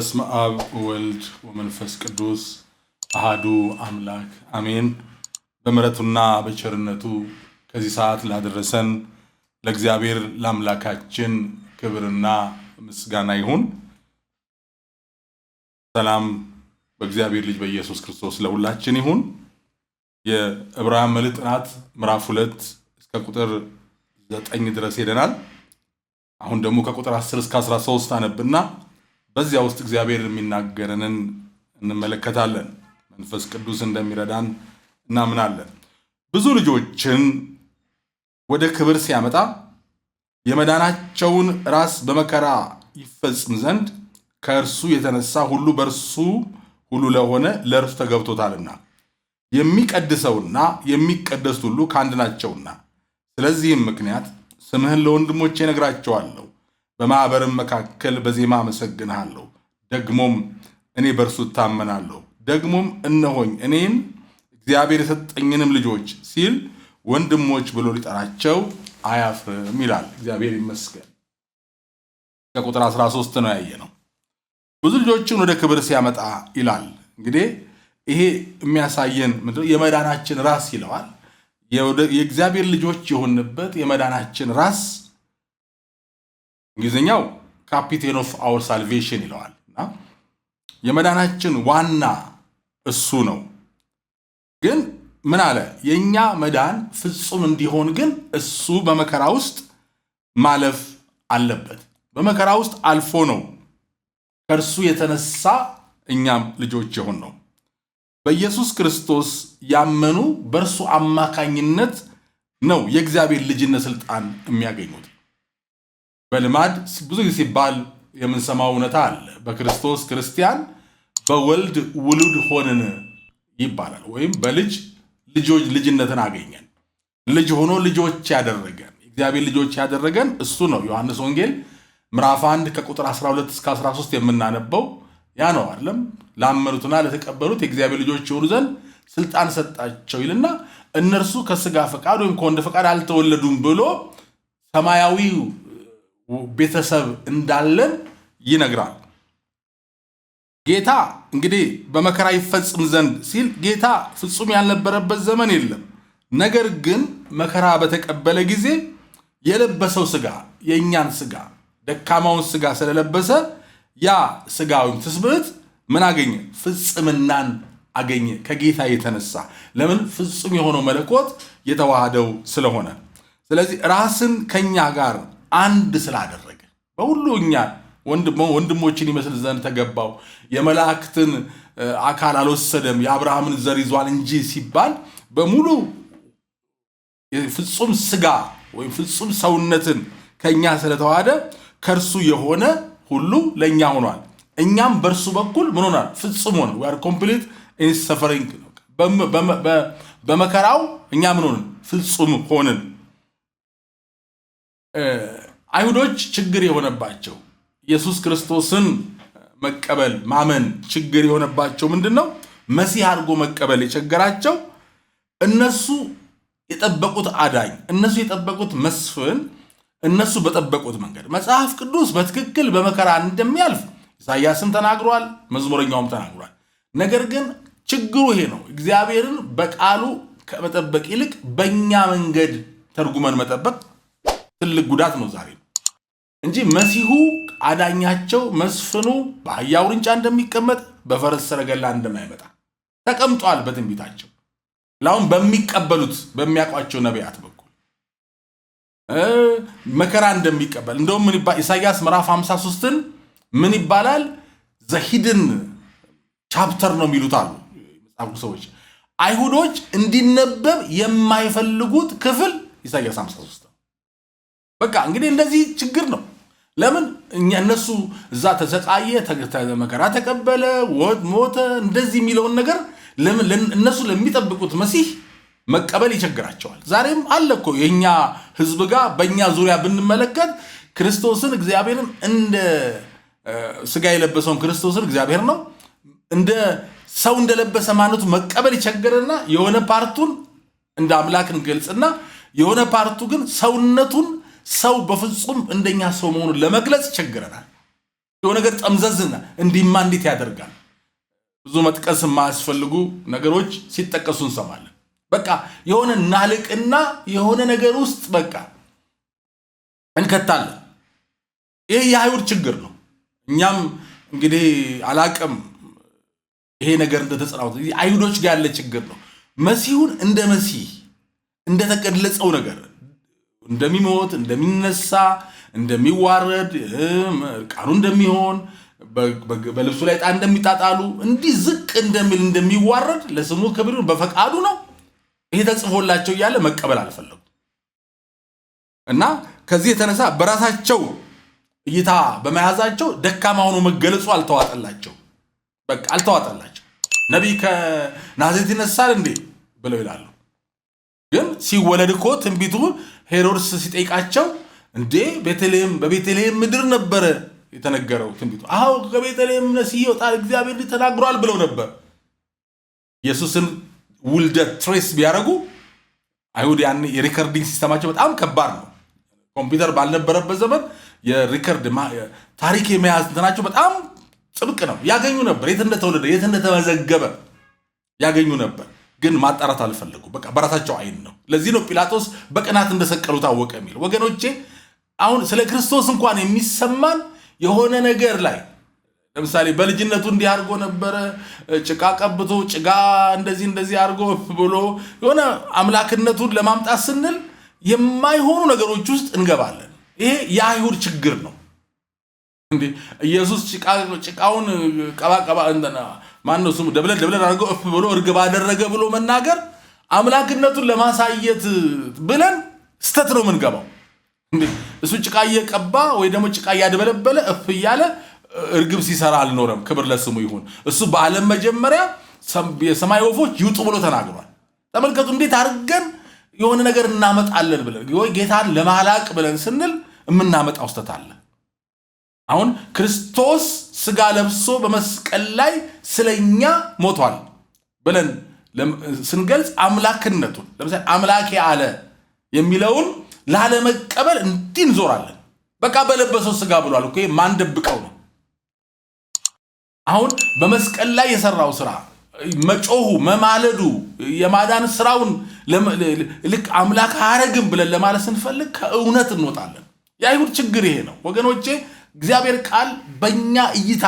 በስመ አብ ወልድ ወመንፈስ ቅዱስ አሃዱ አምላክ አሜን። በምሕረቱና በቸርነቱ ከዚህ ሰዓት ላደረሰን ለእግዚአብሔር ለአምላካችን ክብርና ምስጋና ይሁን። ሰላም በእግዚአብሔር ልጅ በኢየሱስ ክርስቶስ ለሁላችን ይሁን። የዕብራውያን መልእክት ጥናት ምዕራፍ ሁለት እስከ ቁጥር ዘጠኝ ድረስ ሄደናል። አሁን ደግሞ ከቁጥር 10 እስከ 13 አነብና በዚያ ውስጥ እግዚአብሔር የሚናገረንን እንመለከታለን። መንፈስ ቅዱስ እንደሚረዳን እናምናለን። ብዙ ልጆችን ወደ ክብር ሲያመጣ የመዳናቸውን ራስ በመከራ ይፈጽም ዘንድ ከእርሱ የተነሳ ሁሉ በእርሱ ሁሉ ለሆነ ለእርሱ ተገብቶታልና የሚቀድሰውና የሚቀደሱት ሁሉ ከአንድ ናቸውና፣ ስለዚህም ምክንያት ስምህን ለወንድሞቼ እነግራቸዋለሁ በማኅበርም መካከል በዜማ አመሰግንሃለሁ። ደግሞም እኔ በእርሱ እታመናለሁ። ደግሞም እነሆኝ እኔን እግዚአብሔር የሰጠኝንም ልጆች ሲል ወንድሞች ብሎ ሊጠራቸው አያፍርም ይላል። እግዚአብሔር ይመስገን። ከቁጥር 13 ነው ያየ ነው። ብዙ ልጆችን ወደ ክብር ሲያመጣ ይላል። እንግዲህ ይሄ የሚያሳየን ምንድነው? የመዳናችን ራስ ይለዋል። የእግዚአብሔር ልጆች የሆንበት የመዳናችን ራስ እንግሊዝኛው ካፒቴን ኦፍ አወር ሳልቬሽን ይለዋል እና የመዳናችን ዋና እሱ ነው። ግን ምን አለ? የእኛ መዳን ፍጹም እንዲሆን ግን እሱ በመከራ ውስጥ ማለፍ አለበት። በመከራ ውስጥ አልፎ ነው ከእርሱ የተነሳ እኛም ልጆች የሆን ነው። በኢየሱስ ክርስቶስ ያመኑ በእርሱ አማካኝነት ነው የእግዚአብሔር ልጅነት ስልጣን የሚያገኙት። በልማድ ብዙ ጊዜ ሲባል የምንሰማው እውነታ አለ። በክርስቶስ ክርስቲያን በወልድ ውሉድ ሆንን ይባላል። ወይም በልጅ ልጆች ልጅነትን አገኘን። ልጅ ሆኖ ልጆች ያደረገን እግዚአብሔር ልጆች ያደረገን እሱ ነው። ዮሐንስ ወንጌል ምዕራፍ 1 ከቁጥር 12 እስከ 13 የምናነበው ያ ነው አይደለም። ላመኑትና ለተቀበሉት የእግዚአብሔር ልጆች የሆኑ ዘንድ ስልጣን ሰጣቸው ይልና እነርሱ ከስጋ ፈቃድ ወይም ከወንድ ፈቃድ አልተወለዱም ብሎ ሰማያዊው ቤተሰብ እንዳለን ይነግራል። ጌታ እንግዲህ በመከራ ይፈጽም ዘንድ ሲል ጌታ ፍጹም ያልነበረበት ዘመን የለም። ነገር ግን መከራ በተቀበለ ጊዜ የለበሰው ስጋ የእኛን ስጋ ደካማውን ስጋ ስለለበሰ ያ ወይም ትስብዕት ምን አገኘ? ፍጽምናን አገኘ። ከጌታ የተነሳ ለምን? ፍጹም የሆነው መለኮት የተዋህደው ስለሆነ። ስለዚህ ራስን ከኛ ጋር አንድ ስላደረገ በሁሉ እኛ ወንድሞችን ይመስል ዘንድ ተገባው። የመላእክትን አካል አልወሰደም የአብርሃምን ዘር ይዟል እንጂ ሲባል በሙሉ ፍጹም ስጋ ወይም ፍጹም ሰውነትን ከእኛ ስለተዋደ ከእርሱ የሆነ ሁሉ ለእኛ ሆኗል። እኛም በእርሱ በኩል ምን ሆናል? ፍጹም ሆነ ር ኮምፕሊት በመከራው እኛ ምን ሆንን? ፍጹም ሆንን። አይሁዶች ችግር የሆነባቸው ኢየሱስ ክርስቶስን መቀበል ማመን ችግር የሆነባቸው ምንድን ነው? መሲህ አድርጎ መቀበል የቸገራቸው እነሱ የጠበቁት አዳኝ፣ እነሱ የጠበቁት መስፍን፣ እነሱ በጠበቁት መንገድ መጽሐፍ ቅዱስ በትክክል በመከራ እንደሚያልፍ ኢሳያስም ተናግሯል፣ መዝሙረኛውም ተናግሯል። ነገር ግን ችግሩ ይሄ ነው። እግዚአብሔርን በቃሉ ከመጠበቅ ይልቅ በእኛ መንገድ ተርጉመን መጠበቅ ትልቅ ጉዳት ነው ዛሬ እንጂ መሲሁ አዳኛቸው መስፍኑ በአህያ ውርንጫ እንደሚቀመጥ በፈረስ ሰረገላ እንደማይመጣ ተቀምጧል በትንቢታቸው ለአሁን በሚቀበሉት በሚያውቋቸው ነቢያት በኩል መከራ እንደሚቀበል እንደውም ምን ኢሳያስ ምዕራፍ 53ን ምን ይባላል ዘሂድን ቻፕተር ነው የሚሉት አሉ መጽሐፍ ሰዎች አይሁዶች እንዲነበብ የማይፈልጉት ክፍል ኢሳያስ 53 ነው። በቃ እንግዲህ እንደዚህ ችግር ነው። ለምን እኛ እነሱ እዛ ተሰቃየ፣ መከራ ተቀበለ፣ ሞተ፣ እንደዚህ የሚለውን ነገር እነሱ ለሚጠብቁት መሲህ መቀበል ይቸግራቸዋል። ዛሬም አለ እኮ የእኛ ህዝብ ጋር በእኛ ዙሪያ ብንመለከት ክርስቶስን እግዚአብሔርን እንደ ስጋ የለበሰውን ክርስቶስን እግዚአብሔር ነው እንደ ሰው እንደለበሰ ማነቱ መቀበል ይቸግርና የሆነ ፓርቱን እንደ አምላክ እንገልጽና የሆነ ፓርቱ ግን ሰውነቱን ሰው በፍጹም እንደኛ ሰው መሆኑን ለመግለጽ ቸግረናል። የሆነ ነገር ጠምዘዝና እንዲማ እንዴት ያደርጋል? ብዙ መጥቀስ የማያስፈልጉ ነገሮች ሲጠቀሱ እንሰማለን። በቃ የሆነ ናልቅና የሆነ ነገር ውስጥ በቃ እንከታለን። ይህ የአይሁድ ችግር ነው። እኛም እንግዲህ አላቅም ይሄ ነገር እንደተጸናውት አይሁዶች ጋር ያለ ችግር ነው። መሲሁን እንደ መሲህ እንደተገለጸው ነገር እንደሚሞት፣ እንደሚነሳ፣ እንደሚዋረድ፣ እርቃኑ እንደሚሆን፣ በልብሱ ላይ ዕጣ እንደሚጣጣሉ፣ እንዲህ ዝቅ እንደሚል፣ እንደሚዋረድ ለስሙ ክብር በፈቃዱ ነው። ይሄ ተጽፎላቸው እያለ መቀበል አልፈለጉም እና ከዚህ የተነሳ በራሳቸው እይታ በመያዛቸው ደካማ ሆኖ መገለጹ አልተዋጠላቸው። በቃ አልተዋጠላቸው። ነቢይ ከናዝሬት ይነሳል እንዴ ብለው ይላሉ። ግን ሲወለድ እኮ ትንቢቱ ሄሮድስ ሲጠይቃቸው እንዴ ቤተልሔም በቤተልሔም ምድር ነበረ የተነገረው ትንቢቱ። አዎ ከቤተልሔም ሲወጣ እግዚአብሔር ተናግሯል ብለው ነበር። ኢየሱስን ውልደት ትሬስ ቢያደርጉ አይሁድ ያን የሪከርዲንግ ሲስተማቸው በጣም ከባድ ነው። ኮምፒውተር ባልነበረበት ዘመን የሪከርድ ታሪክ የመያዝ እንትናቸው በጣም ጥብቅ ነው። ያገኙ ነበር። የት እንደተወለደ የት እንደተመዘገበ ያገኙ ነበር። ግን ማጣራት አልፈለጉ። በቃ በራሳቸው አይን ነው። ለዚህ ነው ጲላጦስ በቅናት እንደሰቀሉ ታወቀ የሚል። ወገኖቼ አሁን ስለ ክርስቶስ እንኳን የሚሰማን የሆነ ነገር ላይ ለምሳሌ በልጅነቱ እንዲህ አድርጎ ነበረ፣ ጭቃ ቀብቶ ጭቃ እንደዚህ እንደዚህ አድርጎ ብሎ የሆነ አምላክነቱን ለማምጣት ስንል የማይሆኑ ነገሮች ውስጥ እንገባለን። ይሄ የአይሁድ ችግር ነው። ኢየሱስ ጭቃውን ቀባቀባ ማን ነው ስሙ ደብለል ደብለል አድርገው እፍ ብሎ እርግብ አደረገ ብሎ መናገር አምላክነቱን ለማሳየት ብለን ስተት ነው የምንገባው። እሱ ጭቃ እየቀባ ወይ ደግሞ ጭቃ እያደበለበለ እፍ እያለ እርግብ ሲሰራ አልኖረም። ክብር ለስሙ ይሁን። እሱ በዓለም መጀመሪያ የሰማይ ወፎች ይውጡ ብሎ ተናግሯል። ተመልከቱ እንዴት አድርገን የሆነ ነገር እናመጣለን ብለን ወይ ጌታን ለማላቅ ብለን ስንል የምናመጣው ስተት አለ። አሁን ክርስቶስ ስጋ ለብሶ በመስቀል ላይ ስለኛ ሞቷል ብለን ስንገልጽ አምላክነቱን ለምሳሌ አምላኬ አለ የሚለውን ላለመቀበል እንዲህ እንዞራለን። በቃ በለበሰው ስጋ ብሏል እኮ ማንደብቀው ደብቀው ነው? አሁን በመስቀል ላይ የሰራው ስራ መጮሁ፣ መማለዱ፣ የማዳን ስራውን ልክ አምላክ አያረግም ብለን ለማለት ስንፈልግ ከእውነት እንወጣለን። የአይሁድ ችግር ይሄ ነው ወገኖቼ። እግዚአብሔር ቃል በእኛ እይታ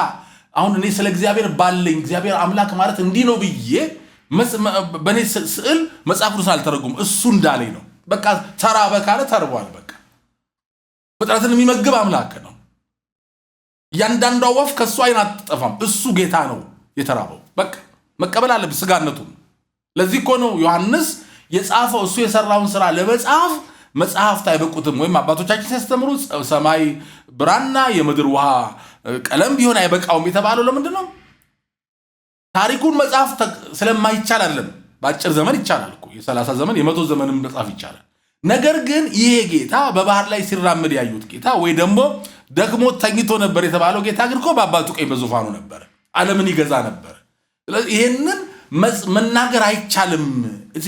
አሁን እኔ ስለ እግዚአብሔር ባለኝ እግዚአብሔር አምላክ ማለት እንዲህ ነው ብዬ በእኔ ስዕል መጽሐፍ ቅዱስን አልተረጉም። እሱ እንዳለኝ ነው። በቃ ተራበ ካለ ተርቧል። በቃ ፍጥረትን የሚመግብ አምላክ ነው። እያንዳንዷ ወፍ ከእሱ አይን አትጠፋም። እሱ ጌታ ነው የተራበው። በቃ መቀበል አለብን ስጋነቱ። ለዚህ እኮ ነው ዮሐንስ የጻፈው እሱ የሰራውን ስራ ለመጻፍ መጽሐፍት አይበቁትም ወይም አባቶቻችን ሲያስተምሩ ሰማይ ብራና የምድር ውሃ ቀለም ቢሆን አይበቃውም የተባለው ለምንድን ነው? ታሪኩን መጽሐፍ ስለማይቻል አለም በአጭር ዘመን ይቻላል እኮ የሰላሳ ዘመን የመቶ ዘመንም መጽሐፍ ይቻላል። ነገር ግን ይሄ ጌታ በባህር ላይ ሲራምድ ያዩት ጌታ ወይ ደግሞ ደግሞ ተኝቶ ነበር የተባለው ጌታ ግን እኮ በአባቱ ቀኝ በዙፋኑ ነበር፣ ዓለምን ይገዛ ነበር። ይሄንን መናገር አይቻልም፣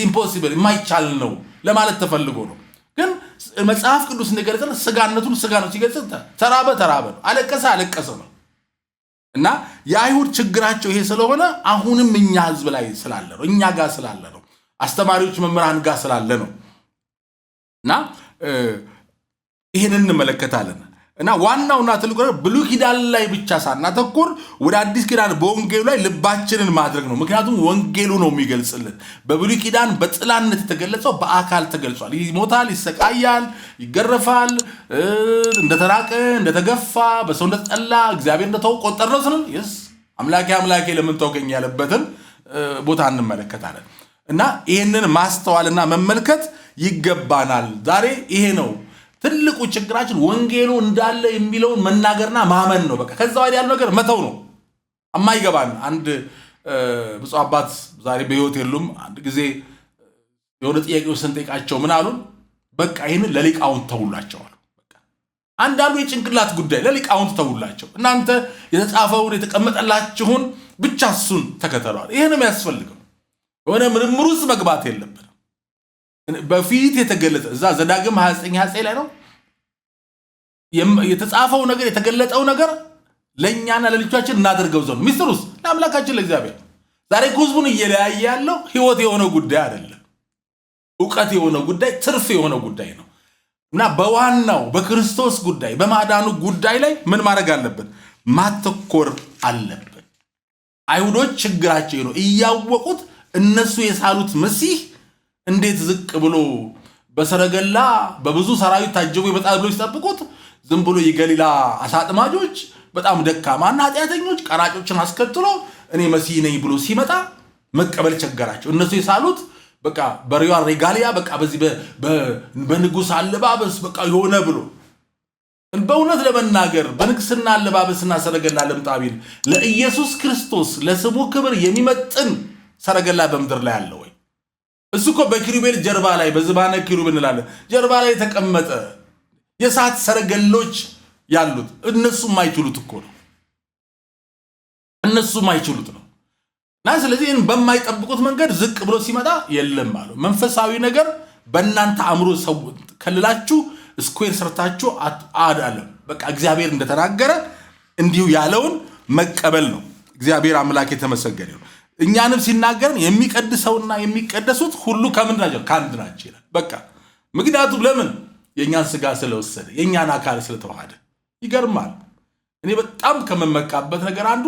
ኢምፖሲብል የማይቻል ነው ለማለት ተፈልጎ ነው። መጽሐፍ ቅዱስ እንደገለጸ ስጋነቱን ስጋ ነው ሲገልጽ ተራበ ተራበ ነው፣ አለቀሰ አለቀሰ ነው። እና የአይሁድ ችግራቸው ይሄ ስለሆነ አሁንም እኛ ህዝብ ላይ ስላለ ነው፣ እኛ ጋር ስላለ ነው፣ አስተማሪዎች መምህራን ጋር ስላለ ነው። እና ይህንን እንመለከታለን። እና ዋናውና ትልቁ ብሉይ ኪዳን ላይ ብቻ ሳናተኩር ወደ አዲስ ኪዳን በወንጌሉ ላይ ልባችንን ማድረግ ነው። ምክንያቱም ወንጌሉ ነው የሚገልጽልን። በብሉይ ኪዳን በጥላነት የተገለጸው በአካል ተገልጿል። ይሞታል፣ ይሰቃያል፣ ይገረፋል፣ እንደተራቀ፣ እንደተገፋ፣ በሰው እንደተጠላ፣ እግዚአብሔር እንደተው ቆጠርነው ስንል ይስ አምላኬ አምላኬ ለምን ተውከኝ ያለበትን ቦታ እንመለከታለን። እና ይህንን ማስተዋልና መመልከት ይገባናል። ዛሬ ይሄ ነው ትልቁ ችግራችን ወንጌሉ እንዳለ የሚለውን መናገርና ማመን ነው። በቃ ከዛ ወዲያ ያለው ነገር መተው ነው። የማይገባን አንድ ብፁ አባት ዛሬ በህይወት የሉም። አንድ ጊዜ የሆነ ጥያቄ ስንጠይቃቸው ምን አሉን? በቃ ይህንን ለሊቃውንት ተውላቸዋል። አንዳንዱ የጭንቅላት ጉዳይ ለሊቃውንት ተውላቸው፣ እናንተ የተጻፈውን የተቀመጠላችሁን ብቻ እሱን ተከተሏል። ይህንም ያስፈልግም የሆነ ምርምር ውስጥ መግባት የለም። በፊት የተገለጠ እዛ ዘዳግም 29 29 ላይ ነው የተጻፈው ነገር የተገለጠው ነገር ለእኛና ለልጆቻችን እናደርገው ዘንድ ሚስጥሩስ ለአምላካችን ለእግዚአብሔር። ዛሬ ህዝቡን እየለያየ ያለው ህይወት የሆነ ጉዳይ አይደለም፣ እውቀት የሆነ ጉዳይ፣ ትርፍ የሆነ ጉዳይ ነው እና በዋናው በክርስቶስ ጉዳይ በማዳኑ ጉዳይ ላይ ምን ማድረግ አለብን? ማተኮር አለብን። አይሁዶች ችግራቸው ነው እያወቁት እነሱ የሳሉት መሲህ እንዴት ዝቅ ብሎ በሰረገላ በብዙ ሰራዊት ታጅቦ ይመጣል ብሎ ሲጠብቁት ዝም ብሎ የገሊላ አሳጥማጆች በጣም ደካማና ኃጢአተኞች ቀራጮችን አስከትሎ እኔ መሲህ ነኝ ብሎ ሲመጣ መቀበል ቸገራቸው። እነሱ የሳሉት በቃ በሪዋ ሬጋሊያ በቃ በዚህ በንጉሥ አለባበስ በቃ የሆነ ብሎ በእውነት ለመናገር በንግስና አለባበስና ሰረገላ ለምጣቢል ቢል ለኢየሱስ ክርስቶስ ለስሙ ክብር የሚመጥን ሰረገላ በምድር ላይ አለ ወይ? እሱ እኮ በኪሩቤል ጀርባ ላይ በዝባነ ኪሩብ እንላለን ጀርባ ላይ የተቀመጠ የእሳት ሰረገሎች ያሉት እነሱ የማይችሉት እኮ ነው። እነሱ የማይችሉት ነው እና ስለዚህ ይህን በማይጠብቁት መንገድ ዝቅ ብሎ ሲመጣ የለም አሉ። መንፈሳዊ ነገር በእናንተ አእምሮ ሰው ከልላችሁ ስኩዌር ሰርታችሁ አዳለም። በቃ እግዚአብሔር እንደተናገረ እንዲሁ ያለውን መቀበል ነው። እግዚአብሔር አምላክ የተመሰገነ ነው። እኛንም ሲናገርን የሚቀድሰውና የሚቀደሱት ሁሉ ከምንድ ናቸው? ከአንድ ናቸው ይላል። በቃ ምክንያቱም ለምን የእኛን ስጋ ስለወሰደ የእኛን አካል ስለተዋሃደ። ይገርማል። እኔ በጣም ከመመካበት ነገር አንዱ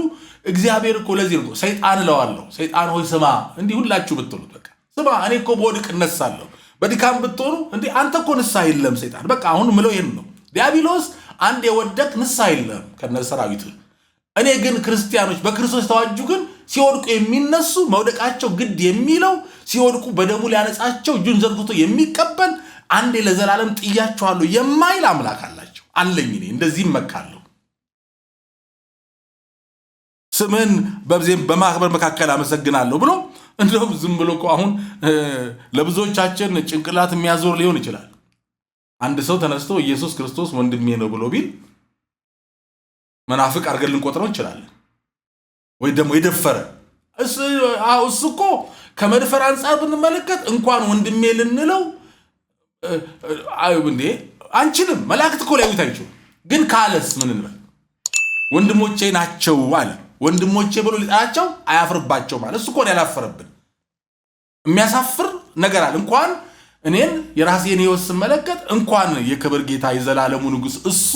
እግዚአብሔር እኮ ለዚህ ነው ሰይጣን እለዋለሁ፣ ሰይጣን ሆይ ስማ፣ እንዲህ ሁላችሁ ብትሉት በቃ ስማ፣ እኔ እኮ በወድቅ እነሳለሁ፣ በድካም ብትሆኑ እንዲህ አንተ እኮ ንሳ የለም ሰይጣን። በቃ አሁን ምለው ይህን ነው። ዲያብሎስ አንድ የወደቅ ንሳ የለም ከነ ሰራዊት። እኔ ግን ክርስቲያኖች በክርስቶስ ተዋጁ ግን ሲወድቁ የሚነሱ መውደቃቸው ግድ የሚለው ሲወድቁ በደሙ ሊያነጻቸው እጁን ዘርግቶ የሚቀበል አንዴ ለዘላለም ጥያቸዋለሁ የማይል አምላክ አላቸው። አለኝ እኔ እንደዚህ እመካለሁ። ስምህን በብዜም በማህበር መካከል አመሰግናለሁ ብሎ እንደውም ዝም ብሎ እኮ አሁን ለብዙዎቻችን ጭንቅላት የሚያዞር ሊሆን ይችላል። አንድ ሰው ተነስቶ ኢየሱስ ክርስቶስ ወንድሜ ነው ብሎ ቢል መናፍቅ አድርገን ልንቆጥረው እንችላለን። ወይ ደግሞ የደፈረ እሱ እኮ ከመድፈር አንጻር ብንመለከት እንኳን ወንድሜ ልንለው እንዴ አንችልም። መላእክት እኮ ሊያዩት አይችሉ። ግን ካለስ ምን እንበል? ወንድሞቼ ናቸው አለ። ወንድሞቼ ብሎ ሊጠራቸው አያፍርባቸው ማለት እሱ እኮ ያላፈረብን የሚያሳፍር ነገር አለ። እንኳን እኔን የራሴን ህይወት ስመለከት እንኳን የክብር ጌታ የዘላለሙ ንጉሥ እሱ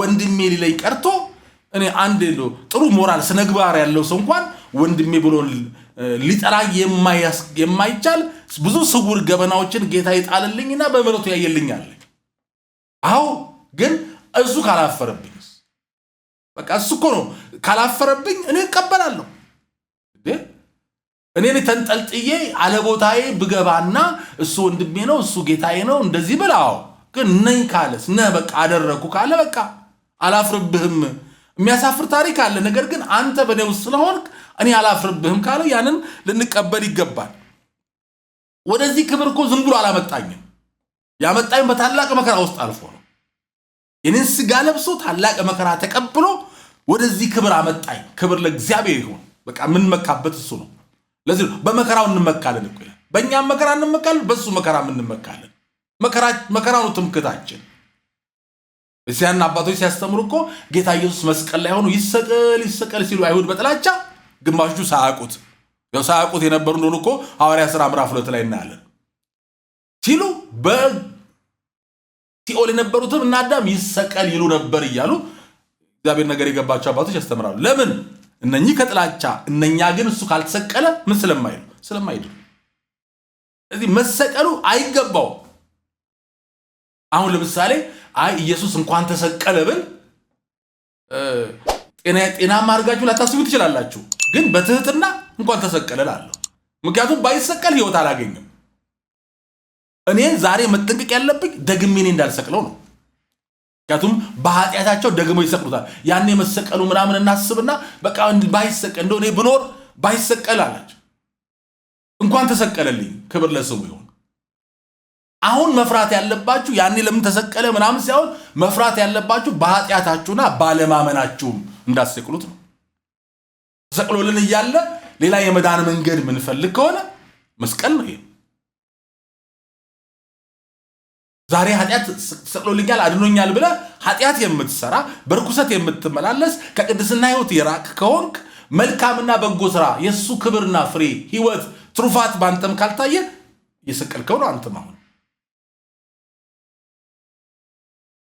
ወንድሜ ሊለኝ ቀርቶ እኔ አንድ ጥሩ ሞራል ስነግባር ያለው ሰው እንኳን ወንድሜ ብሎ ሊጠራ የማይቻል ብዙ ስውር ገበናዎችን ጌታ ይጣልልኝና በምሕረቱ ያየልኛል። አሁ ግን እሱ ካላፈረብኝ በቃ እሱ እኮ ነው ካላፈረብኝ እኔ እቀበላለሁ። እኔን ተንጠልጥዬ አለቦታዬ ብገባና እሱ ወንድሜ ነው እሱ ጌታዬ ነው እንደዚህ ብላው ግን ነኝ ካለስ ነ በቃ አደረግኩ ካለ በቃ አላፍርብህም የሚያሳፍር ታሪክ አለ። ነገር ግን አንተ በእኔ ውስጥ ስለሆንክ እኔ አላፍርብህም ካለው ያንን ልንቀበል ይገባል። ወደዚህ ክብር እኮ ዝም ብሎ አላመጣኝም። ያመጣኝ በታላቅ መከራ ውስጥ አልፎ ነው። የኔን ስጋ ለብሶ ታላቅ መከራ ተቀብሎ ወደዚህ ክብር አመጣኝ። ክብር ለእግዚአብሔር ይሁን። በቃ የምንመካበት እሱ ነው። ለዚህ በመከራው እንመካለን እኮ በእኛም መከራ እንመካለን፣ በእሱ መከራ እንመካለን። መከራ ነው ትምክታችን። እዚያን አባቶች ሲያስተምሩ እኮ ጌታ ኢየሱስ መስቀል ላይ ሆኑ ይሰቀል ይሰቀል ሲሉ አይሁድ በጥላቻ ግማሾቹ ሳያውቁት ያው ሳያውቁት የነበሩ እንደሆኑ እኮ ሐዋርያ ሥራ ምዕራፍ ሁለት ላይ እናያለን ሲሉ በሲኦል የነበሩትም እና አዳም ይሰቀል ይሉ ነበር እያሉ እግዚአብሔር ነገር የገባቸው አባቶች ያስተምራሉ። ለምን እነኚህ ከጥላቻ እነኛ ግን እሱ ካልተሰቀለ ምን ስለማይሉ ስለማይሉ ስለዚህ መሰቀሉ አይገባው። አሁን ለምሳሌ አይ ኢየሱስ እንኳን ተሰቀለ ብል ጤናማ አድርጋችሁ ላታስቡ ትችላላችሁ። ግን በትህትና እንኳን ተሰቀለ ላለሁ። ምክንያቱም ባይሰቀል ህይወት አላገኝም። እኔን ዛሬ መጠንቀቅ ያለብኝ ደግሜ እኔ እንዳልሰቅለው ነው። ምክንያቱም በኃጢአታቸው ደግሞ ይሰቅሉታል። ያን መሰቀሉ ምናምን እናስብና በቃ ባይሰቀል እንደሆነ ብኖር ባይሰቀል አላቸው። እንኳን ተሰቀለልኝ። ክብር ለስሙ ይሁን። አሁን መፍራት ያለባችሁ ያኔ ለምን ተሰቀለ ምናምን ሳይሆን መፍራት ያለባችሁ በኃጢአታችሁና ባለማመናችሁም እንዳሰቅሉት ነው። ተሰቅሎልን እያለ ሌላ የመዳን መንገድ ምንፈልግ ከሆነ መስቀል ነው። ዛሬ ኃጢአት ተሰቅሎልኛል አድኖኛል ብለ ኃጢአት የምትሰራ በርኩሰት የምትመላለስ ከቅድስና ህይወት የራቅ ከሆንክ መልካምና በጎ ስራ የእሱ ክብርና ፍሬ ህይወት ትሩፋት በአንተም ካልታየ የሰቀልከው ነው አንተም አሁን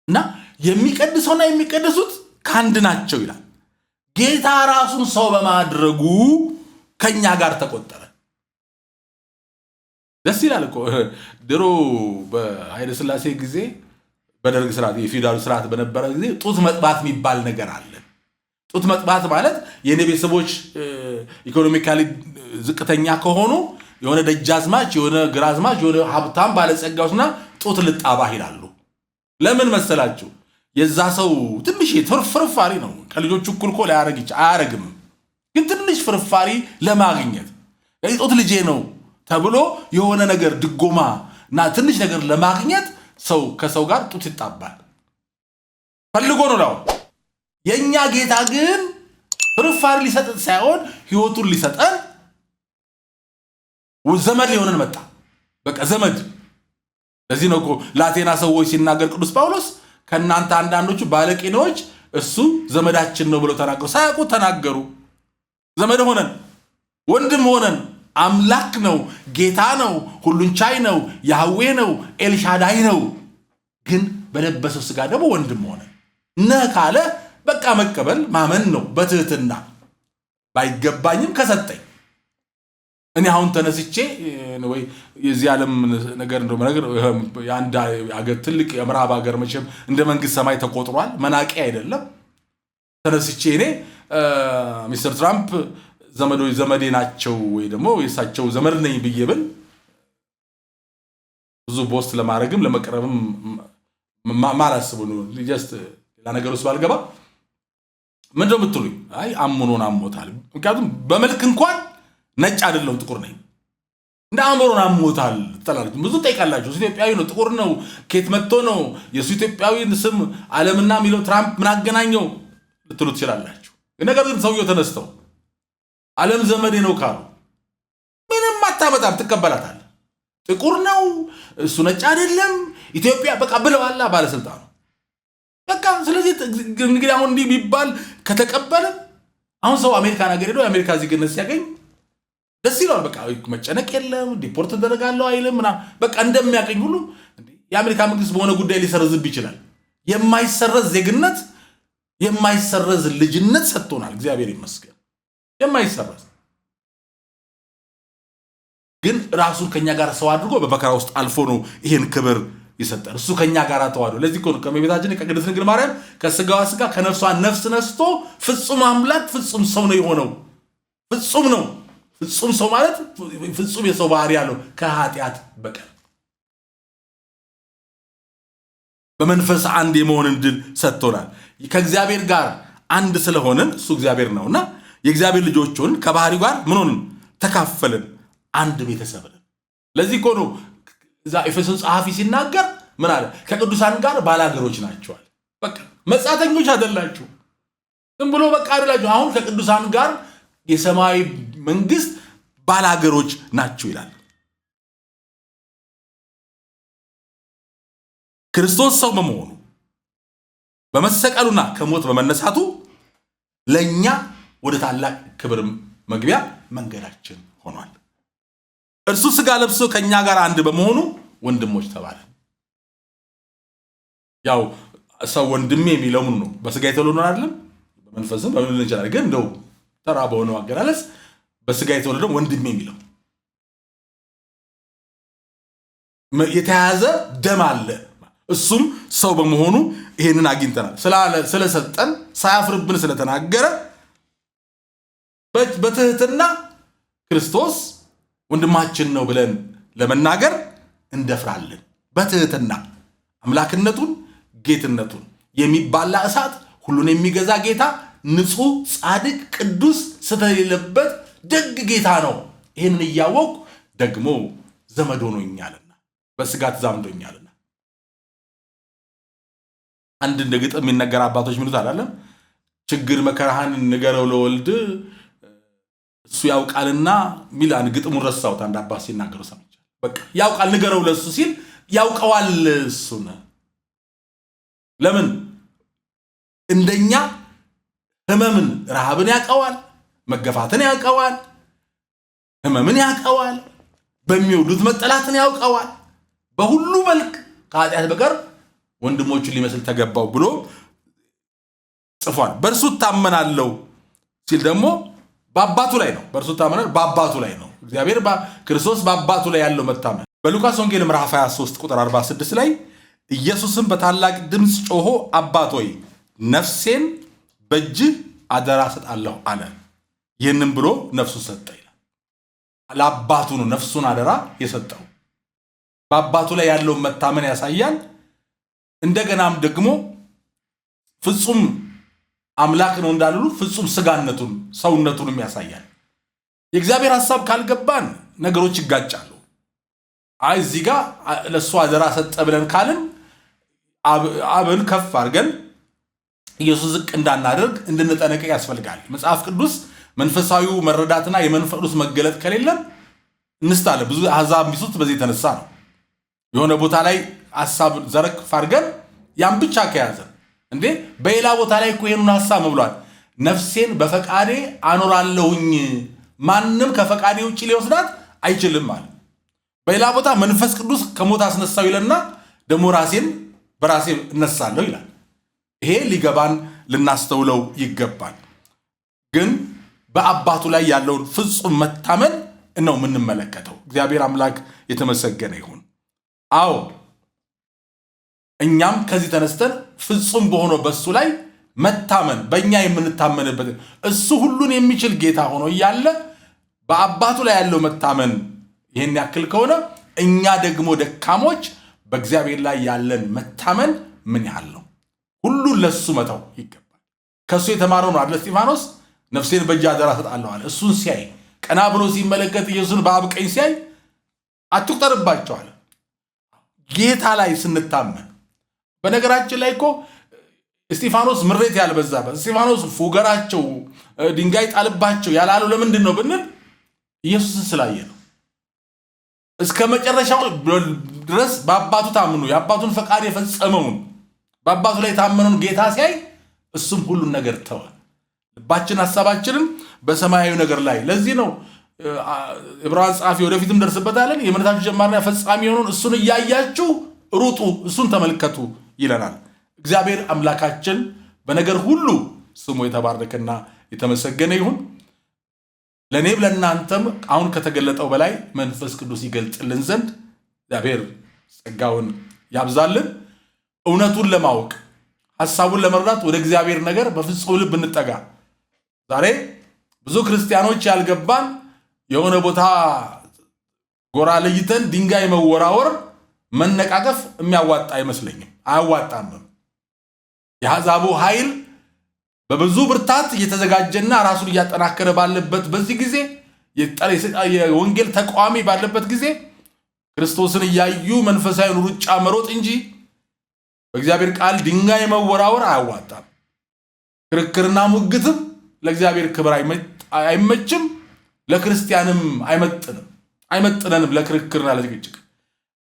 እና የሚቀድሰውና የሚቀደሱት ከአንድ ናቸው ይላል። ጌታ ራሱን ሰው በማድረጉ ከኛ ጋር ተቆጠረ። ደስ ይላል እኮ ድሮ በኃይለ ሥላሴ ጊዜ በደርግ ስርዓት የፊውዳሉ ስርዓት በነበረ ጊዜ ጡት መጥባት የሚባል ነገር አለ። ጡት መጥባት ማለት የእኔ ቤተሰቦች ኢኮኖሚካሊ ዝቅተኛ ከሆኑ የሆነ ደጃዝማች፣ የሆነ ግራዝማች፣ የሆነ ሀብታም ባለጸጋዎችና ጡት ልጣባህ ይላሉ። ለምን መሰላችሁ? የዛ ሰው ትንሽ ፍርፋሪ ነው። ከልጆቹ እኩል እኮ ላያረግ አያረግም፣ ግን ትንሽ ፍርፋሪ ለማግኘት የጦት ልጄ ነው ተብሎ የሆነ ነገር ድጎማ እና ትንሽ ነገር ለማግኘት ሰው ከሰው ጋር ጡት ይጣባል። ፈልጎ ነው ላው። የእኛ ጌታ ግን ፍርፋሪ ሊሰጠን ሳይሆን ህይወቱን ሊሰጠን ዘመድ ሊሆነን መጣ። በቃ ዘመድ ለዚህ ነው ለአቴና ሰዎች ሲናገር ቅዱስ ጳውሎስ ከእናንተ አንዳንዶቹ ባለቂኖች እሱ ዘመዳችን ነው ብለው ተናገሩ። ሳያውቁት ተናገሩ። ዘመድ ሆነን ወንድም ሆነን አምላክ ነው፣ ጌታ ነው፣ ሁሉን ቻይ ነው፣ ያህዌ ነው፣ ኤልሻዳይ ነው። ግን በለበሰው ስጋ ደግሞ ወንድም ሆነ ነ ካለ በቃ መቀበል ማመን ነው። በትህትና ባይገባኝም ከሰጠኝ እኔ አሁን ተነስቼ ወይ የዚህ ዓለም ነገር የአንድ ሀገር ትልቅ የምዕራብ ሀገር መቼም እንደ መንግስት ሰማይ ተቆጥሯል፣ መናቂ አይደለም። ተነስቼ እኔ ሚስተር ትራምፕ ዘመዶ ዘመዴ ናቸው ወይ ደግሞ የእሳቸው ዘመድ ነኝ ብዬ ብል ብዙ ቦስት ለማድረግም ለመቅረብም ማላስቡ ጀስት ሌላ ነገር ውስጥ ባልገባ ምንድ የምትሉኝ? አይ አምኖን አሞታል። ምክንያቱም በመልክ እንኳን ነጭ አይደለሁም ጥቁር ነኝ። እንደ አእምሮን አሞታል ትላላችሁ፣ ብዙ ጠይቃላችሁ። ኢትዮጵያዊ ነው፣ ጥቁር ነው፣ ኬት መጥቶ ነው የእሱ ኢትዮጵያዊ ስም አለምና የሚለው ትራምፕ ምን አገናኘው ልትሉ ትችላላችሁ። ነገር ግን ሰውየው ተነስተው አለም ዘመዴ ነው ካሉ ምንም አታመጣም፣ ትቀበላታል። ጥቁር ነው እሱ ነጭ አይደለም ኢትዮጵያ በቃ ብለዋላ ባለስልጣኑ በቃ። ስለዚህ እንግዲህ አሁን እንዲህ የሚባል ከተቀበለ አሁን ሰው አሜሪካን ሀገር ሄዶ የአሜሪካ ዜግነት ሲያገኝ ደስ ይለዋል። በቃ መጨነቅ የለም ዲፖርት እደረጋለሁ አይልም ና በቃ እንደሚያቀኝ ሁሉ የአሜሪካ መንግስት በሆነ ጉዳይ ሊሰረዝብ ይችላል። የማይሰረዝ ዜግነት የማይሰረዝ ልጅነት ሰጥቶናል። እግዚአብሔር ይመስገን። የማይሰረዝ ግን ራሱን ከኛ ጋር ሰው አድርጎ በመከራ ውስጥ አልፎ ነው ይሄን ክብር ይሰጠን። እሱ ከኛ ጋር ተዋህዶ ለዚህ ከሆነ ከእመቤታችን ከቅድስት ድንግል ማርያም ከስጋዋ ስጋ ከነፍሷ ነፍስ ነስቶ ፍጹም አምላክ ፍጹም ሰው ነው የሆነው። ፍጹም ነው ፍጹም ሰው ማለት ፍጹም የሰው ባህሪ ያለው ከኃጢአት በቀር በመንፈስ አንድ የመሆንን ድል ሰጥቶናል። ከእግዚአብሔር ጋር አንድ ስለሆንን እሱ እግዚአብሔር ነውና የእግዚአብሔር ልጆችን ከባህሪ ጋር ምንሆንን ተካፈልን፣ አንድ ቤተሰብን። ለዚህ ከሆኑ እዛ ኤፌሶን ጸሐፊ ሲናገር ምን አለ? ከቅዱሳን ጋር ባላገሮች ናቸዋል። በቃ መጻተኞች አይደላችሁ፣ ዝም ብሎ በቃ አይደላችሁ። አሁን ከቅዱሳን ጋር የሰማይ መንግስት ባላገሮች ናቸው ይላል። ክርስቶስ ሰው በመሆኑ በመሰቀሉና ከሞት በመነሳቱ ለእኛ ወደ ታላቅ ክብር መግቢያ መንገዳችን ሆኗል። እርሱ ስጋ ለብሶ ከእኛ ጋር አንድ በመሆኑ ወንድሞች ተባለ። ያው ሰው ወንድሜ የሚለው ምኑ ነው? በስጋ የተወለደ አይደለም፣ በመንፈስም በምን እንችላለን። ግን እንደው ተራ በሆነው አገላለጽ በስጋ የተወለደው ወንድም የሚለው የተያዘ ደም አለ። እሱም ሰው በመሆኑ ይሄንን አግኝተናል ስለሰጠን ሳያፍርብን ስለተናገረ በትህትና ክርስቶስ ወንድማችን ነው ብለን ለመናገር እንደፍራለን። በትህትና አምላክነቱን ጌትነቱን የሚባላ እሳት ሁሉን የሚገዛ ጌታ ንጹህ፣ ጻድቅ፣ ቅዱስ ስለሌለበት ደግ ጌታ ነው። ይህንን እያወቅሁ ደግሞ ዘመድ ሆኖኛልና በስጋት ዛምዶኛልና። አንድ እንደ ግጥም የሚነገር አባቶች ምሉት አላለም ችግር መከራህን ንገረው ለወልድ እሱ ያውቃልና ሚላን ግጥሙን ረሳሁት። አንድ አባት ሲናገሩ ሰምቻለሁ። በቃ ያውቃል ንገረው ለእሱ ሲል ያውቀዋል እሱን ለምን እንደኛ ህመምን ረሃብን ያውቀዋል መገፋትን ያውቀዋል፣ ህመምን ያውቀዋል፣ በሚወዱት መጠላትን ያውቀዋል። በሁሉ መልክ ከኃጢአት በቀር ወንድሞቹን ሊመስል ተገባው ብሎ ጽፏል። በእርሱ እታመናለሁ ሲል ደግሞ በአባቱ ላይ ነው። በእርሱ እታመናለሁ በአባቱ ላይ ነው። እግዚአብሔር ክርስቶስ በአባቱ ላይ ያለው መታመን በሉቃስ ወንጌል ምዕራፍ 23 ቁጥር 46 ላይ ኢየሱስም በታላቅ ድምፅ ጮሆ አባት ሆይ ነፍሴን በእጅህ አደራ ሰጣለሁ አለ። ይህንም ብሎ ነፍሱን ሰጠ ይላል። ለአባቱ ነው ነፍሱን አደራ የሰጠው። በአባቱ ላይ ያለውን መታመን ያሳያል። እንደገናም ደግሞ ፍጹም አምላክ ነው እንዳልሉ ፍጹም ስጋነቱን ሰውነቱንም ያሳያል። የእግዚአብሔር ሀሳብ ካልገባን ነገሮች ይጋጫሉ። አይ እዚህ ጋር ለእሱ አደራ ሰጠ ብለን ካልን አብን ከፍ አድርገን ኢየሱስ ዝቅ እንዳናደርግ እንድንጠነቀቅ ያስፈልጋል። መጽሐፍ ቅዱስ መንፈሳዊው መረዳትና የመንፈስ ቅዱስ መገለጥ ከሌለም እንስታለ ብዙ አሕዛብ ሚስት በዚህ የተነሳ ነው። የሆነ ቦታ ላይ ሀሳብ ዘረግ ፋርገን ያን ብቻ ከያዘ እንዴ በሌላ ቦታ ላይ እኮ ይሄንን ሀሳብ መብሏል። ነፍሴን በፈቃዴ አኖራለሁኝ ማንም ከፈቃዴ ውጭ ሊወስዳት አይችልም አለ። በሌላ ቦታ መንፈስ ቅዱስ ከሞት አስነሳው ይለና ደግሞ ራሴን በራሴ እነሳለሁ ይላል። ይሄ ሊገባን ልናስተውለው ይገባል ግን በአባቱ ላይ ያለውን ፍጹም መታመን ነው የምንመለከተው። እግዚአብሔር አምላክ የተመሰገነ ይሁን። አዎ እኛም ከዚህ ተነስተን ፍጹም በሆነው በሱ ላይ መታመን በእኛ የምንታመንበት እሱ ሁሉን የሚችል ጌታ ሆኖ እያለ በአባቱ ላይ ያለው መታመን ይህን ያክል ከሆነ እኛ ደግሞ ደካሞች በእግዚአብሔር ላይ ያለን መታመን ምን ያህል ነው? ሁሉን ለሱ መተው ይገባል። ከእሱ የተማረው ነው አለ እስጢፋኖስ ነፍሴን በእጅ አደራ እሰጣለሁ አለ። እሱን ሲያይ ቀና ብሎ ሲመለከት ኢየሱስን በአብ ቀኝ ሲያይ አትቁጠርባቸዋል። ጌታ ላይ ስንታመን በነገራችን ላይ እኮ እስጢፋኖስ ምሬት ያልበዛበት እስጢፋኖስ ፉገራቸው ድንጋይ ጣልባቸው ያላሉ ለምንድን ነው ብንል ኢየሱስን ስላየ ነው። እስከ መጨረሻው ድረስ በአባቱ ታምኖ የአባቱን ፈቃድ የፈጸመውን በአባቱ ላይ የታመነውን ጌታ ሲያይ እሱም ሁሉን ነገር ተዋል። ልባችን ሀሳባችንም በሰማያዊ ነገር ላይ ለዚህ ነው ዕብራውያን ጸሐፊ ወደፊትም ደርስበታለን የእምነታችሁ ጀማሪና ፈጻሚ የሆነውን እሱን እያያችሁ ሩጡ እሱን ተመልከቱ ይለናል። እግዚአብሔር አምላካችን በነገር ሁሉ ስሙ የተባረከና የተመሰገነ ይሁን። ለእኔም ለእናንተም አሁን ከተገለጠው በላይ መንፈስ ቅዱስ ይገልጥልን ዘንድ እግዚአብሔር ጸጋውን ያብዛልን። እውነቱን ለማወቅ ሀሳቡን ለመርዳት ወደ እግዚአብሔር ነገር በፍጹም ልብ እንጠጋ። ዛሬ ብዙ ክርስቲያኖች ያልገባን የሆነ ቦታ ጎራ ለይተን ድንጋይ መወራወር፣ መነቃቀፍ የሚያዋጣ አይመስለኝም። አያዋጣምም። የአሕዛቡ ኃይል በብዙ ብርታት እየተዘጋጀና ራሱን እያጠናከረ ባለበት በዚህ ጊዜ የወንጌል ተቃዋሚ ባለበት ጊዜ ክርስቶስን እያዩ መንፈሳዊን ሩጫ መሮጥ እንጂ በእግዚአብሔር ቃል ድንጋይ መወራወር አያዋጣም። ክርክርና ሙግትም ለእግዚአብሔር ክብር አይመችም፣ ለክርስቲያንም አይመጥንም አይመጥነንም ለክርክርና ለጭቅጭቅ።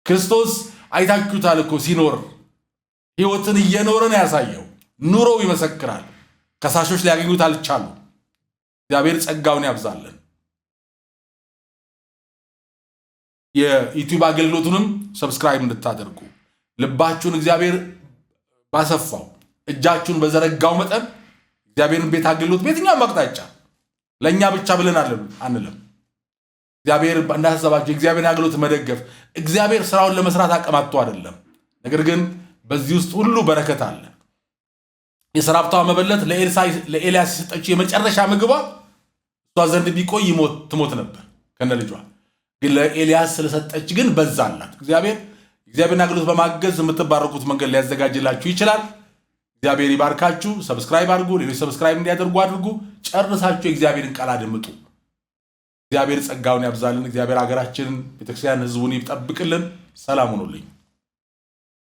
ክርስቶስ አይታችሁታል እኮ ሲኖር ህይወትን እየኖረን ያሳየው ኑሮው ይመሰክራል። ከሳሾች ሊያገኙት አልቻሉ። እግዚአብሔር ጸጋውን ያብዛለን። የዩቲዩብ አገልግሎቱንም ሰብስክራይብ እንድታደርጉ ልባችሁን እግዚአብሔር ባሰፋው እጃችሁን በዘረጋው መጠን እግዚአብሔርን ቤት አገልግሎት በየትኛውም አቅጣጫ ለእኛ ብቻ ብለን አንለም። እግዚአብሔር እንዳሳሰባቸው እግዚአብሔርን አገልግሎት መደገፍ እግዚአብሔር ስራውን ለመስራት አቀማጥቶ አይደለም። ነገር ግን በዚህ ውስጥ ሁሉ በረከት አለ። የሰራፕቷ መበለት ለኤልያስ የሰጠችው የመጨረሻ ምግቧ እሷ ዘንድ ቢቆይ ትሞት ነበር ከነ ልጇ። ግን ለኤልያስ ስለሰጠች ግን በዛ አላት። እግዚአብሔር እግዚአብሔርን አገልግሎት በማገዝ የምትባረኩት መንገድ ሊያዘጋጅላችሁ ይችላል። እግዚአብሔር ይባርካችሁ። ሰብስክራይብ አድርጉ፣ ሌሎች ሰብስክራይብ እንዲያደርጉ አድርጉ። ጨርሳችሁ የእግዚአብሔርን ቃል አድምጡ። እግዚአብሔር ጸጋውን ያብዛልን። እግዚአብሔር ሀገራችንን፣ ቤተክርስቲያን፣ ህዝቡን ይጠብቅልን። ሰላም ሁኑልኝ።